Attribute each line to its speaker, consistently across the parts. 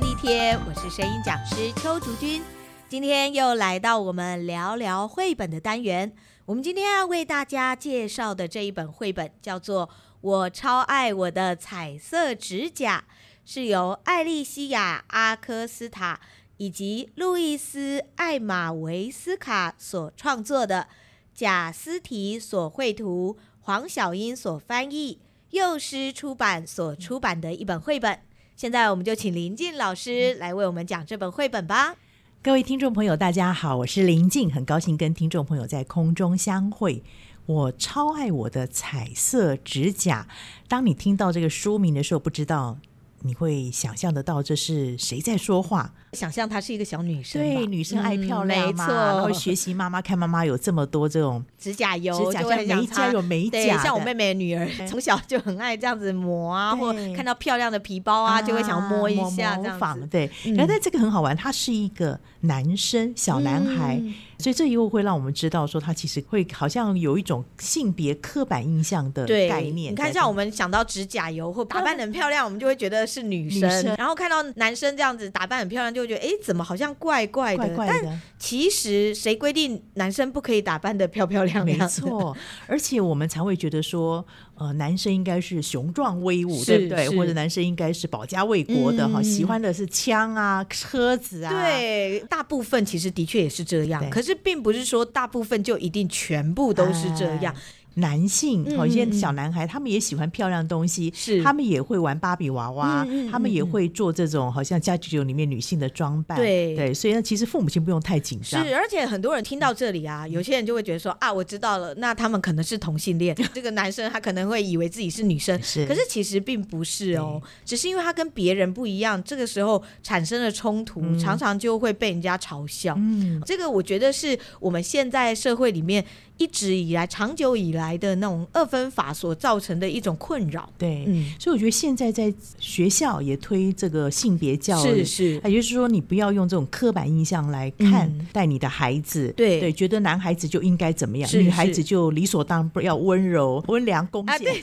Speaker 1: 地貼，我是聲音講師邱竹君，今天又來到我們聊聊繪本的單元。我們今天要為大家介紹的這一本繪本叫做《我超愛我的彩色指甲》，是由艾麗西亞·阿科斯塔以及路易斯·艾瑪維斯卡所創作的，賈斯提所繪圖，黃小英所翻譯，幼獅出版所出版的一本繪本。現在我們就請玲瀞老師來為我們講這本繪本吧。
Speaker 2: 各位聽眾朋友，大家好，我是玲瀞，很高興跟聽眾朋友在空中相會。我超愛我的彩色指甲。當你聽到這個書名的時候，不知道。你會想象得到這是誰在說話？想象她是一個小女生，對，女生愛漂亮嘛，嗯、沒錯，然後學習媽媽，看媽媽有這麼多這種
Speaker 1: 指甲油、美甲油很每一有美甲，像我妹妹的女兒，從小就很愛這樣子摸啊，或看到漂亮的皮包啊，啊就會想摸一下這樣子，模、模仿。
Speaker 2: 對，然後但這個很好玩，他是一個男生，小男孩。嗯所以這一路會讓我們知道，說他其實會好像有一種性別刻板印象的概念，對。你看像我
Speaker 1: 們想到指甲油或打扮得很漂亮，我們就會覺得是女生；然後看到男生這樣子打扮很漂亮，就會覺得哎、欸，怎麼好像怪怪、怪怪的？但其實誰規定
Speaker 2: 男生不可以打扮得漂漂亮亮？沒錯，而且我們才會覺得說。呃，男生應該是雄壯威武，對不對？或者男生應該是保家衛國的哈、嗯，喜歡的是槍啊、車子啊。對，大部分其實的確也是這樣，可是並不是說大部分就一定全部都是這樣。哎男性，好、嗯，一些小男孩、嗯，他們也喜歡漂亮的東西，是，他們也會玩芭比娃娃，嗯、他們也會做這種、嗯、好像家家酒裡面女性的裝扮，對，對，所以呢，其實父母親不用太緊張。是，
Speaker 1: 而且很多人聽到這裡啊，嗯、有些人就會覺得說啊，我知道了，那他們可能是同性戀，嗯、這個男生他可能會以為自己是女生，嗯、是，可是其實並不是哦，只是因為他跟別人不一樣，這個時候產生了衝突、嗯，常常就會被人家嘲笑。嗯，這個我覺得是我們現在社會裡面。一直以來、長久以來的那種二分法，所造成的一
Speaker 2: 種困擾。對、嗯，所以我覺得現在在學校也推這個性別教育，是是，也就是說你不要用這種刻板印象來看待你的孩子，嗯、對，對，對，對，對，覺得男孩子就應該怎麼樣，是是，女孩子就理所當然要溫柔、溫良、恭儉、啊。對，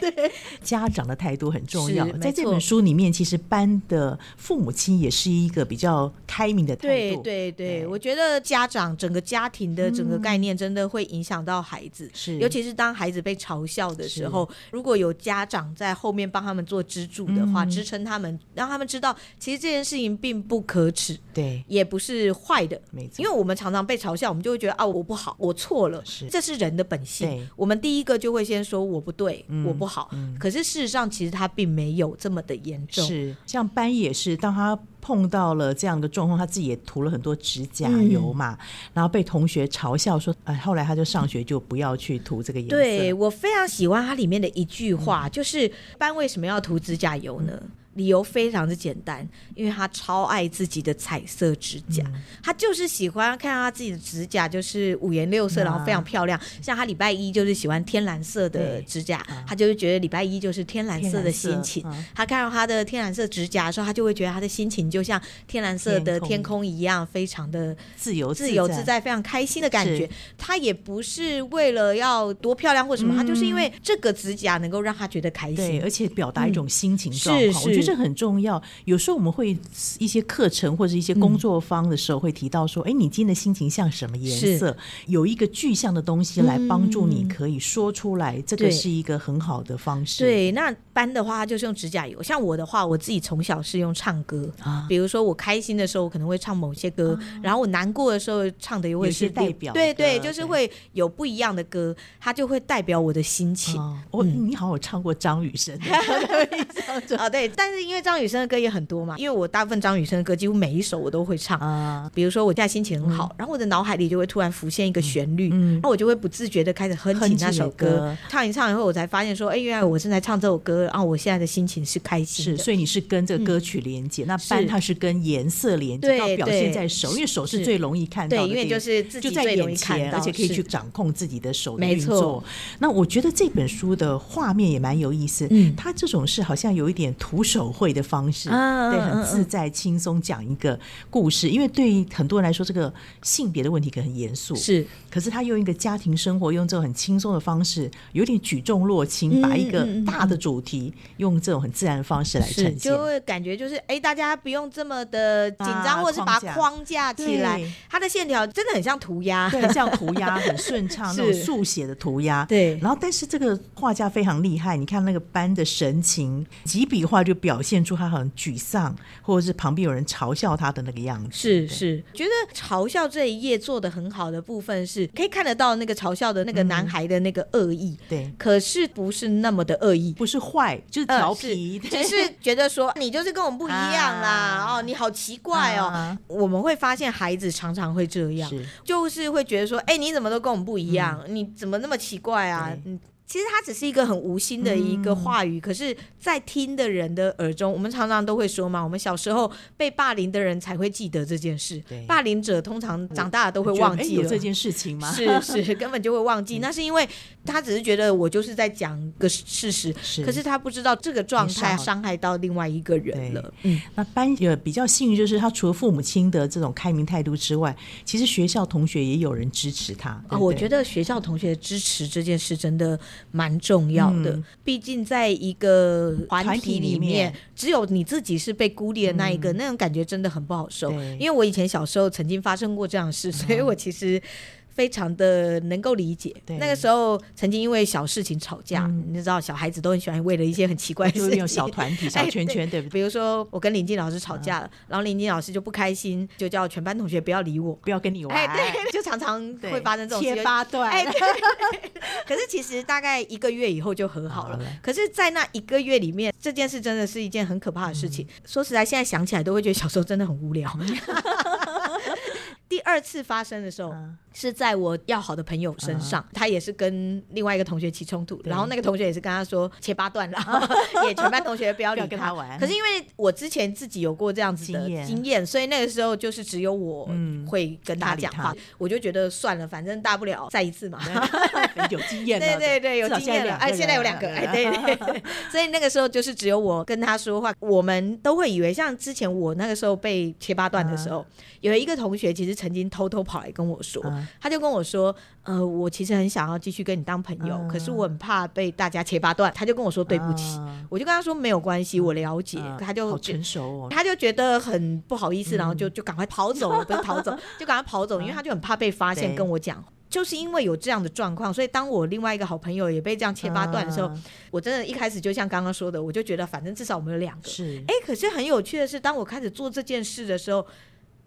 Speaker 2: 對， 對，家長的態度很重要。在這本書裡面，其實班的父母親也是一個比較開明的態度。對
Speaker 1: 對對，對，對，我覺得家長整個家庭的整個概念真的會。影響到孩子，是，尤其是當孩子被嘲笑的時候，如果有家長在後面幫他們做支柱的話，嗯、支撐他們，讓他們知道，其實這件事情並不可恥，對，也不是壞的，沒錯。因為我們常常被嘲笑，我們就會覺得哦、啊，我不好，我錯了，是，這是人的本性。我們第一個就會先說我不對，嗯、我不
Speaker 2: 好、嗯，可是事實上其實他並沒有這麼的嚴重。是，像班也是，當他。碰到了這樣的狀況，他自己也塗了很多指甲油嘛、嗯，然後被同學嘲笑說，哎、呃，後來他就上學就不要去塗這個顏色。對，
Speaker 1: 我非常喜歡它裡面的一句話、嗯，就是班為什麼要塗指甲油呢？嗯理由非常的簡單，因為他超愛自己的彩色指甲，嗯、他就是喜歡看到他自己的指甲就是五顏六色、嗯啊，然後非常漂亮。像他禮拜一就是喜歡天藍色的指甲，啊、他就是覺得禮拜一就是天藍色的心情。啊、他看到他的天藍色指甲的時候，他就會覺得他的心情就像天藍色的天空一樣，非常的自由自，自由自在，非常開心的感覺。他也不是為了要多漂亮或什麼、嗯，他就是因為這個指甲能夠
Speaker 2: 讓他覺得開心，對，而且表達一種心情狀況。嗯，是是其實很重要。有時候我們會一些課程或者一些工作坊的時候會提到說：“哎、嗯，你今天的心情像什麼顏色？”有一個具象的東西來幫助你可以說出來，嗯、這個是一個很好的方
Speaker 1: 式。對，那班的話就是用指甲油。像我的話，我自己從小是用唱歌。啊。比如說我開心的時候，我可能會唱某些歌；啊、然後我難過的時候，唱的又會是代，有些代表。對對，就是會有不一樣的歌，它就會代表我的心情。啊嗯、哦，你好，好，有唱過張雨生。啊、 哦，對，但是因為張雨生的歌也很多嘛，因為我大部分張雨生的歌幾乎每一首我都會唱，比如說我現在心情很好，嗯、然後我的腦海裡就會突然浮現一個旋律，那、嗯嗯、我就會不自覺的開始哼起那首歌，歌唱一唱以後，我才發現說，哎，原來
Speaker 2: 我正在唱這首歌，然、啊、後我現在的心情是開心的。是，所以你是跟這個歌曲連接，嗯、那班它是跟顏色連接到表現在手，因為手是最容易看到的對，因為就是自己在眼前最容易看，而且可以去掌控自己的手的運作。沒錯。那我覺得這本書的畫面也蠻有意思，嗯、它這種是好像有一點徒手。手繪的方式，對，很自在，輕鬆講一個故事。因為對於很多人來說，這個性別的問題可能很嚴肅，是。可是他用一個家庭生活，用這種很輕鬆的方式，有點舉重若輕，嗯，把一個大的主題，嗯、用這種很自然的方式來呈現，就
Speaker 1: 會感覺就是，哎，大家不用這麼的緊張，啊、或者是把它框架起來對。它的線條真的很像塗鴉，對，很像塗鴉，很順暢 那種速
Speaker 2: 寫的塗鴉。對。然後，但是這個畫家非常厲害，你看那個班的神情，幾筆畫就表。表現出他很沮喪，或者是旁邊有人嘲笑他的那個樣子。是是，
Speaker 1: 覺得嘲笑這一頁做得很好的部分是，是可以看得到那個嘲笑的那個男孩的那個惡意、嗯。對，可是不是那麼的
Speaker 2: 惡意，不是壞，就是調皮，只、嗯是，就是
Speaker 1: 覺得說你就是跟我們不一樣啦，啊、哦，你好奇怪哦、啊。我們會發現孩子常常會這樣，是就是會覺得說，哎、欸，你怎麼都跟我們不一樣？嗯、你怎麼那麼奇怪啊？嗯。其實他只是一個很無心的一個話語，嗯、可是，在聽的人的耳中，我們常常都會說嘛，我們小時候被霸凌的人才會記得這件事。對，霸凌者通常長大了都會忘記了得有這件事
Speaker 2: 情嗎？ 是是，
Speaker 1: 根本就會忘記。那、嗯、是因為他只是覺得我就是在講
Speaker 2: 個事實，可是他
Speaker 1: 不知道這個狀態傷害到另外一個人了。哎、嗯，
Speaker 2: 那班也比較幸運，就是他除了父母親的這種開明態度之外，其實學校同學也有人支持他。啊、哦，我覺得學校同學支持這件事真的。蠻重要的、嗯，
Speaker 1: 畢竟在一個團體，團體裡面，只有你自己是被孤立的那一個，嗯、那種、個、感覺真的很不好受。因為我以前小時候曾經發生過這樣的事，嗯、所以我其實。非常的能夠理解對，那個時候曾經因為小事情吵架，嗯、你知道小孩子都很喜歡為了一些很奇怪的事情就小團體、小圈圈，哎，對，對不對？比如說我跟林靜老師吵架了，嗯、然後林靜老師就不開心，就不就不開心、嗯，就叫全班同學不要理我，不要跟你玩，哎，對，對就常常會發生這種切八段。對，哎，對對 可是其實大概一個月以後就和好了。好了，可是，在那一個月裡面，這件事真的是一件很可怕的事情。嗯、說實在，現在想起來都會覺得小時候真的很無聊。嗯、 第二次發生的時候。嗯是在我要好的朋友身上，啊，他也是跟另外一個同學起衝突，然後那個同學也是跟他說切八段了，啊，然後也全班同學不要理他 不要跟他玩。可是因為我之前自己有過這樣子的經驗，所以那個時候就是只有我會跟他講話，嗯，我就覺得算了，反正大不了再一次嘛。對有經驗，對， 對對對，有經驗了哎，啊這個啊，現在有兩個，哎、欸，對對，對、啊。所以那個時候就是只有我跟他說話，啊，我們都會以為像之前我那個時候被切八段的時候，啊，有一個同學其實曾經偷偷跑來跟我說。啊他就跟我說：“呃，我其實很想要繼續跟你當朋友，嗯，可是我很怕被大家切八段。”他就跟我說：“對不起。嗯”我就跟他說：“沒有關係，我了解。嗯嗯”他就好成熟哦，他就覺得很不好意思，然後就，嗯，就趕快跑走了。不是 逃走，就趕快跑走，嗯，因為他就很怕被發現，嗯，跟我講。就是因為有這樣的狀況，所以當我另外一個好朋友也被這樣切八段的時候，嗯，我真的一開始就像剛剛說的，我就覺得反正至少我們有兩個。是，欸，可是很有趣的是，當我開始做這件事的時候。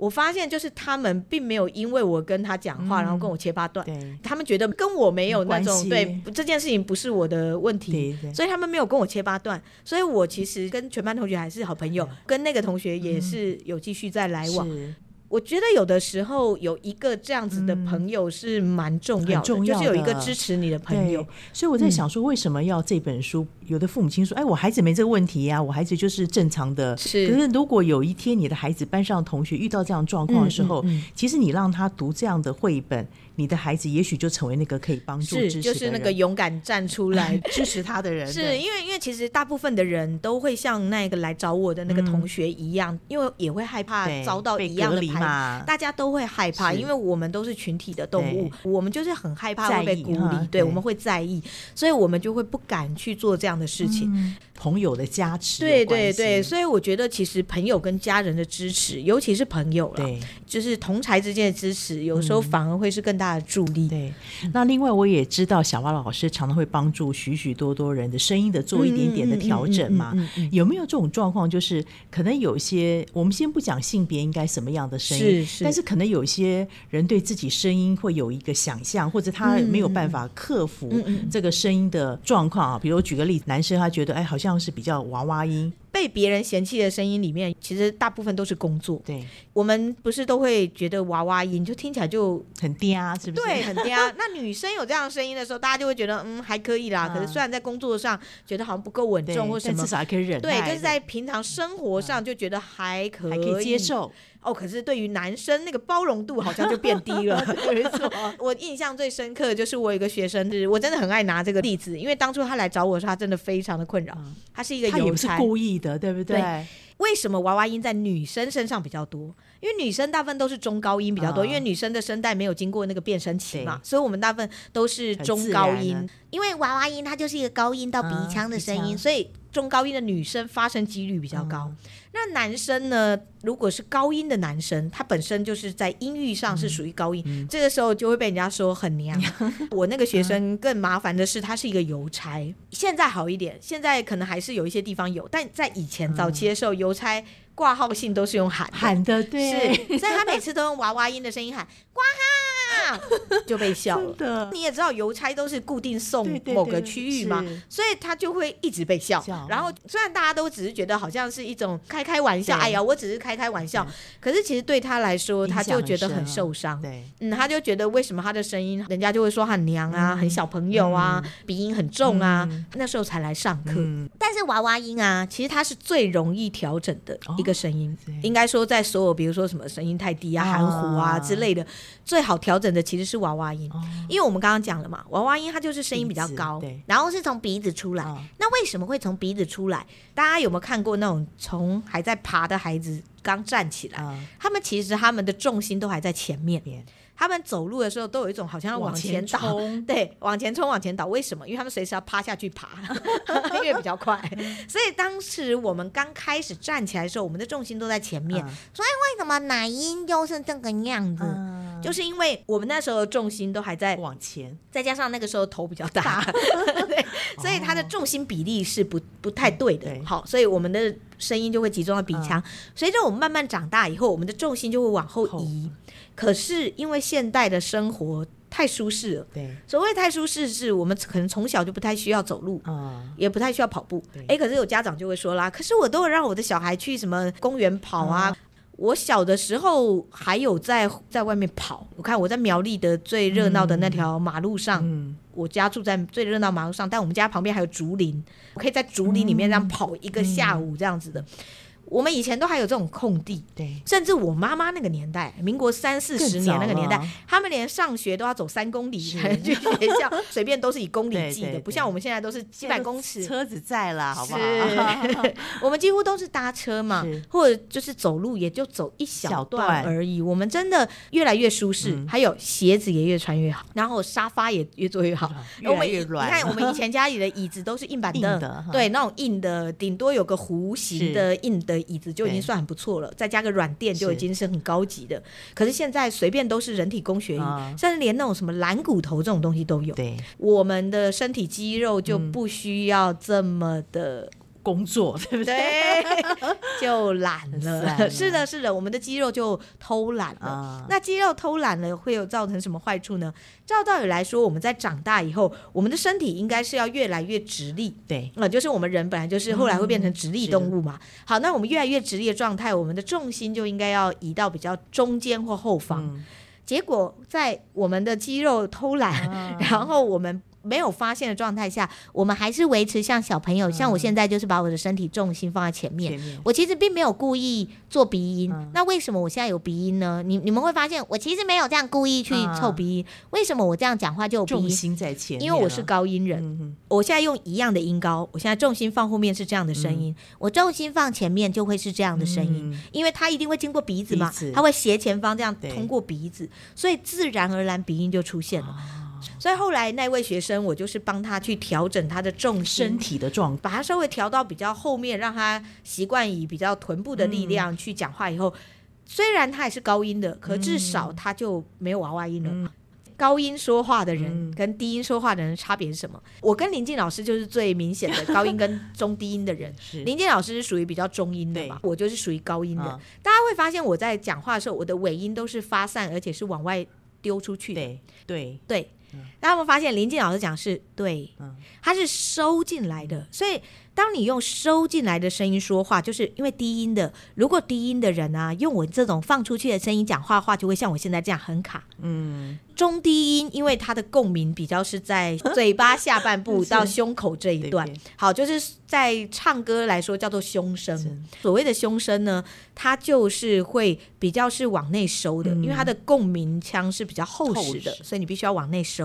Speaker 1: 我發現就是他們並沒有因為我跟他講話，然後跟我切八段、嗯。他們覺得跟我沒有那種對，這件事情不是我的問題對對對，所以他們沒有跟我切八段。所以我其實跟全班同學還是好朋友，嗯、跟那個同學也是有繼續在來往、嗯。我覺得有的時候有一個這樣子的朋友是蠻重要的、嗯、很重要的，就是有一個支持你的朋友。
Speaker 2: 所以我在想說，為什麼要這本書？有的父母親說：“哎，我孩子沒這個問題呀、啊，我孩子就是正常的是。可是如果有一天你的孩子班上的同學遇到這樣的狀況的時候、嗯嗯嗯，其實你讓他讀這樣的繪本，你的孩子也許就成為那個可以幫助的人，就是那個勇
Speaker 1: 敢站出來支持他的人的。 是因為因為其實大部分的人都會像那個來找我的那個同學一樣，嗯、因為也會害怕遭到一樣的被隔離嘛，大家都會害怕，因為我們都是群體的動物，我們就是很害怕會被孤立，對，我們會在意，所以我們就會不敢去做這樣。”
Speaker 2: 這樣的事情。朋友的加持，對對對，所
Speaker 1: 以我覺得其實朋友跟家人的
Speaker 2: 支持，尤其是朋友對，就是同儕之間的支持，有時候反而會是更大的助力。嗯、對，那另外我也知道，小蛙老師常常會幫助許許多多人的聲音的做一點點的調整嘛。有沒有這種狀況？就是可能有些我們先不講性別應該什麼樣的聲音是是，但是可能有些人對自己聲音會有一個想象，或者他沒有辦法克服這個聲音的狀況啊。比如舉個例子，男生他覺得哎，好像。是比較娃娃音。
Speaker 1: 被別人嫌棄的聲音裡面，其實大部分都是工作。對，我們不是都會覺得娃娃音就聽起來就很嗲，是不是？對，很嗲。 那女生有這樣的聲音的時候，大家就會覺得嗯還可以啦、嗯。可是雖然在工作上覺得好像不夠穩重或什麼，至少還可以忍。對，就是在平常生活上就覺得還可以，還可以接受哦。可是對於男生，那個包容度好像就變低了。沒錯，我印象最深刻的就是我有一個學生，是我真的很愛拿這個例子，嗯、因為當初他來找我的時候，他真的非常的困擾、嗯。他是一個有才。故意。
Speaker 2: 對不對？
Speaker 1: 對，為什麼娃娃音在女生身上比較多？因為女生大部分都是中高音比較多，哦、因為女生的聲帶沒有經過那個變聲期嘛，所以我們大部分都是中高音。因為娃娃音它就是一個高音到鼻腔的聲音，嗯、所以。中高音的女生發聲幾率比較高，嗯，那男生呢？如果是高音的男生，他本身就是在音域上是屬於高音，嗯嗯，這個時候就會被人家說很娘。嗯、我那個學生更麻煩的是，他是一個郵差、嗯，現在好一點，現在可能還是有一些地方有，但在以前早期的時候，郵、嗯、差掛號信都是用喊的喊的。對，對，是，所以他每次都用娃娃音的聲音喊掛號。瓜哈 就被笑了。你也知道郵差都是固定送某個區域嘛，所以他就會一直被笑、笑。然後雖然大家都只是覺得好像是一種開開玩笑，哎呀，我只是開開玩笑。可是其實對他來說，他就覺得很受傷。對，嗯，他就覺得為什麼他的聲音人家就會說很娘啊，嗯、很小朋友啊，嗯、鼻音很重啊、嗯。那時候才來上課、嗯，但是娃娃音啊，其實他是最容易調整的一個聲音。哦、應該說，在所有比如說什麼聲音太低啊、哦、含糊啊之類的，哦、最好調整。的其實是娃娃音，哦，因為我們剛剛講了嘛，娃娃音它就是聲音比較高，對，然後是從鼻子出來，哦。那為什麼會從鼻子出來？大家有沒有看過那種從還在爬的孩子剛站起來，哦，他們其實他們的重心都還在前面，嗯，他們走路的時候都有一種好像往前倒，往前衝，對，往前衝、往前倒。為什麼？因為他們隨時要趴下去爬， 因為比較快，嗯。所以當時我們剛開始站起來的時候，我們的重心都在前面。嗯，所以為什麼奶音就是這個樣子？嗯就是因為我們那時候的重心都還在往前，再加上那個時候頭比較大， 對、哦，所以它的重心比例是不不太對的，對對。好，所以我們的聲音就會集中到鼻腔、嗯。隨着我們慢慢長大以後，我們的重心就會往後移。哦、可是因為現代的生活太舒適了，對，所謂太舒適，是我們可能從小就不太需要走路，啊、嗯，也不太需要跑步。誒,可是有家長就會說啦，可是我都會讓我的小孩去什麼公園跑啊。嗯我小的時候還有在在外面跑，我看我在苗栗的最熱鬧的那條馬路上，嗯嗯，我家住在最熱鬧馬路上，但我們家旁邊還有竹林，我可以在竹林裡面這樣跑一個下午這樣子的。嗯嗯我們以前都還有這種空地對，甚至我媽媽那個年代，民國三四十年那個年代，他們連上學都要走三公里， 就叫隨便都是以公里計的，對對對，不像我們現在都是幾百公尺。車子在了，好不好？ 我們幾乎都是搭車嘛，或者就是走路也就走一小段而已。我們真的越來越舒適，嗯，還有鞋子也越穿越好，然後沙發也越做越好，嗯，越來越軟。因為你看我們以前家裡的椅子都是硬板凳，對，那種硬的，頂、嗯、多有個弧形的硬的。椅子就已經算很不錯了，再加個軟墊就已經是很高級的。可是現在隨便都是人體工學椅，uh. 甚至連那種什麼藍骨頭這種東西都有。對，我們的身體肌肉就不需要這
Speaker 2: 麼的。嗯工作對不對？對，
Speaker 1: 就懶了，懶了。是的，是的，我們的肌肉就偷懶了。嗯、那肌肉偷懶了，會有造成什麼壞處呢？照道理來說，我們在長大以後，我們的身體應該是要越來越直立。對，呃、就是我們人本來就是後來會變成直立動物嘛、嗯。好，那我們越來越直立的狀態，我們的重心就應該要移到比較中間或後方。嗯、結果在我們的肌肉偷懶，嗯、然後我們。沒有發現的狀態下，我們還是維持像小朋友，嗯、像我現在就是把我的身體重心放在前面。前面、我其實並沒有故意做鼻音、嗯，那為什麼我現在有鼻音呢？你你們會發現，我其實沒有這樣故意去湊鼻音、嗯。為什麼我這樣講話就有鼻音？重心在前面，因為我是高音人、嗯。我現在用一樣的音高，我現在重心放後面是這樣的聲音，嗯、我重心放前面就會是這樣的聲音，嗯、因為它一定會經過鼻子嘛，它會斜前方這樣通過鼻子，所以自然而然鼻音就出現了。啊所以後來那位學生，我就是幫他去調整他的重體身體的狀態，把他稍微調到比較後面，讓他習慣以比較臀部的力量去講話以後，嗯，雖然他也是高音的，可至少他就沒有娃娃音了，嗯。高音說話的人跟低音說話的人差別是什麼？我跟玲瀞老師就是最明顯的高音跟中低音的人。 玲瀞老師是屬於比較中音的嘛，我就是屬於高音的，啊。大家會發現我在講話的時候，我的尾音都是發散，而且是往外丟出去。對對對。對我、嗯、們發現玲瀞老師講是對，他、嗯、是收進來的，所以當你用收進來的聲音說話，就是因為低音的。如果低音的人啊，用我這種放出去的聲音講話的話，就會像我現在這樣很卡。嗯，中低音因為它的共鳴比較是在嘴巴下半部到胸口這一段， 好，就是在唱歌來說叫做胸聲。所謂的胸聲呢，它就是會比較是往內收的、嗯，因為它的共鳴腔是比較厚實的，實所以你必須要往內收。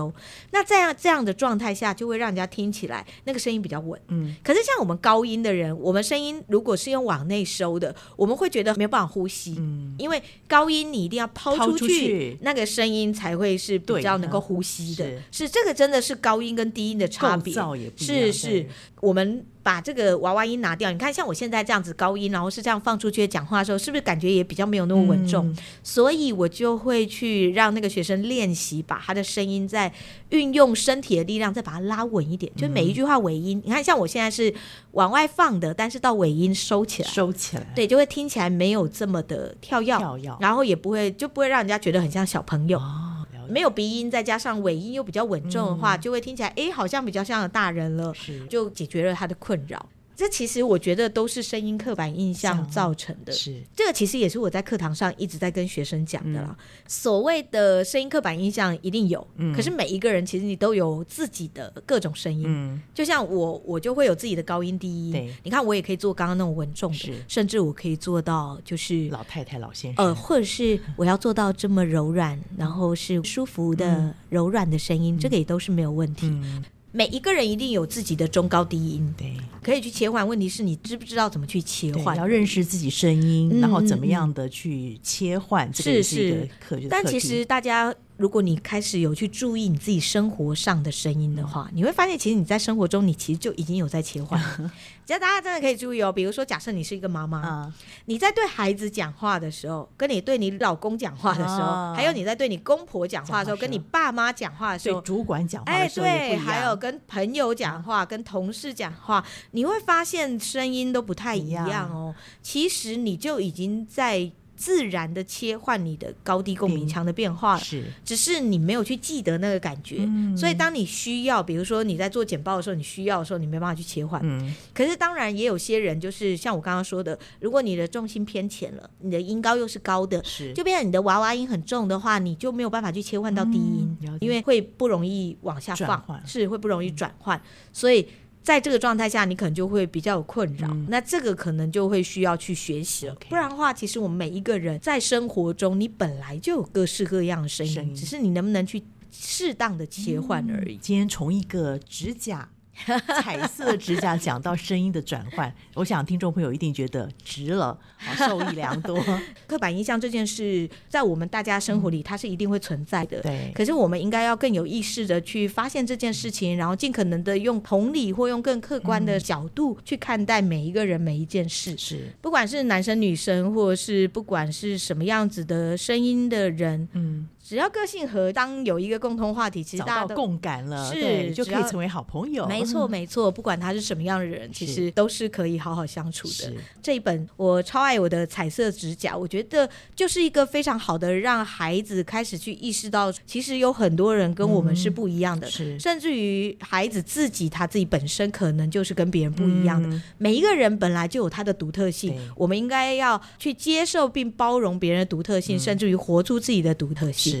Speaker 1: 那這樣這樣的狀態下，就會讓人家聽起來那個聲音比較穩。嗯，可是像我們高音的人，我們聲音如果是用往內收的，我們會覺得沒有辦法呼吸。嗯，因為高音你一定要拋出，出去，那個聲音才會是比較能夠呼吸的。是，是這個真的是高音跟低音的差別，是是，我們。把這個娃娃音拿掉，你看，像我現在這樣子高音，然後是這樣放出去講話的時候，是不是感覺也比較沒有那麼穩重？嗯、所以我就會去讓那個學生練習，把他的聲音再運用身體的力量，再把它拉穩一點。就每一句話尾音，嗯、你看，像我現在是往外放的，但是到尾音收起來，收起來，對，就會聽起來沒有這麼的跳躍，然後也不會就不會讓人家覺得很像小朋友。哦沒有鼻音，再加上尾音又比較穩重的話，嗯、就會聽起來哎，好像比較像大人了，就解決了他的困擾。這其實我覺得都是聲音刻板印象造成的。是，這個其實也是我在課堂上一直在跟學生講的啦。嗯、所謂的聲音刻板印象一定有、嗯，可是每一個人其實你都有自己的各種聲音。嗯，就像我，我就會有自己的高音、低音。對，你看我也可以做剛剛那種穩重的，是，甚至我可以做到就是老太太、老先生。呃，或者是我要做到這麼柔軟， 然後是舒服的柔軟的聲音，嗯、這個也都是沒有問題。嗯嗯每一個人一定有自己的中高低音，嗯，對，可以去切換。問題是
Speaker 2: 你知不知道怎麼去切換？要認識自己聲音，嗯，然後怎麼樣的去切換，嗯、這個是，個是，是，但其實
Speaker 1: 大家。如果你開始有去注意你自己生活上的聲音的話，你會發現，其實你在生活中，你其實就已經有在切換。只、嗯、要大家真的可以注意哦，比如說，假設你是一個媽媽、嗯，你在對孩子講話的時候，跟你對你老公講話的時候，嗯、還有你在對你公婆講話的時候，嗯、跟你爸媽講
Speaker 2: 話的時候，時時候對主管講話的時候、哎、對，還有
Speaker 1: 跟朋友講話、跟同事講話，你會發現聲音都不太一樣哦。嗯、其實你就已經在自然的切換你的高低共鳴腔的變化了、嗯，是，只是你沒有去記得那個感覺、嗯，所以當你需要，比如說你在做簡報的時候，你需要的時候，你沒辦法去切換。嗯，可是當然也有些人就是像我剛剛說的，如果你的重心偏前了，你的音高又是高的，是，就變成你的娃娃音很重的話，你就沒有辦法去切換到低音、嗯，因為會不容易往下放，是會不容易轉換、嗯，所以。在這個狀態下，你可能就會比較有困擾，嗯。那這個可能就會需要去學習了，Okay. 不然的話，其實我們每一個人在生活中，你本來就有各式各樣的聲音，音，只是你能不能去適
Speaker 2: 當的切換而已。嗯，今天從一個指甲。 彩色指甲講到聲音的轉換， 我想聽眾朋友一定覺得值了，啊、受益良多。
Speaker 1: 刻板印象這件事，在我們大家生活裡，嗯，它是一定會存在的。對，
Speaker 2: 可是我們應該要
Speaker 1: 更有意識的去發現這件事情，嗯、然後盡可能的用同理或用更客觀的角度去看待每一個人、每一件事。嗯、是，不管是男生女生，或者是不管是什麼樣子的聲音的人，嗯。只要個性合，當有一個共同話題，
Speaker 2: 其實大家找到共感了，是就可以成為好朋友。沒錯，沒
Speaker 1: 錯，不管他是什麼樣的人，嗯、其實都是可以好好相處的。是這一本《我超愛我的彩色指甲》，我覺得就是一個非常好的，讓孩子開始去意識到，其實有很多人跟我們是不一樣的，嗯、是甚至於孩子自己，他自己本身可能就是跟別人不一樣的。嗯、每一個人本來就有他的獨特性，我們應該要去接受並包容別人的獨特性，嗯、甚至於活出自己的獨特性。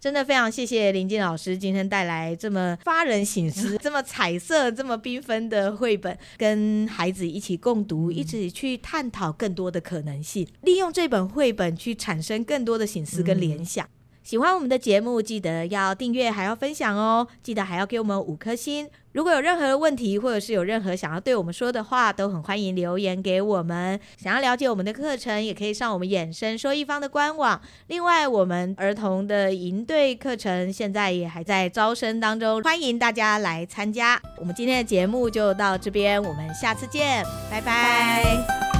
Speaker 1: 真的非常謝謝玲瀞老師今天帶來這麼發人省思、這麼彩色、這麼繽紛的繪本，跟孩子一起共讀，一起去探討更多的可能性、嗯，利用這本繪本去產生更多的省思跟聯想。嗯喜歡我們的節目，記得要訂閱，還要分享哦！記得還要給我們五顆星。如果有任何問題，或者是有任何想要對我們說的話，都很歡迎留言給我們。想要了解我們的課程，也可以上我們衍聲說藝坊的官網。另外，我們兒童的營隊課程現在也還在招生當中，歡迎大家來參加。我們今天的節目就到這邊，我們下次見，拜拜。拜拜。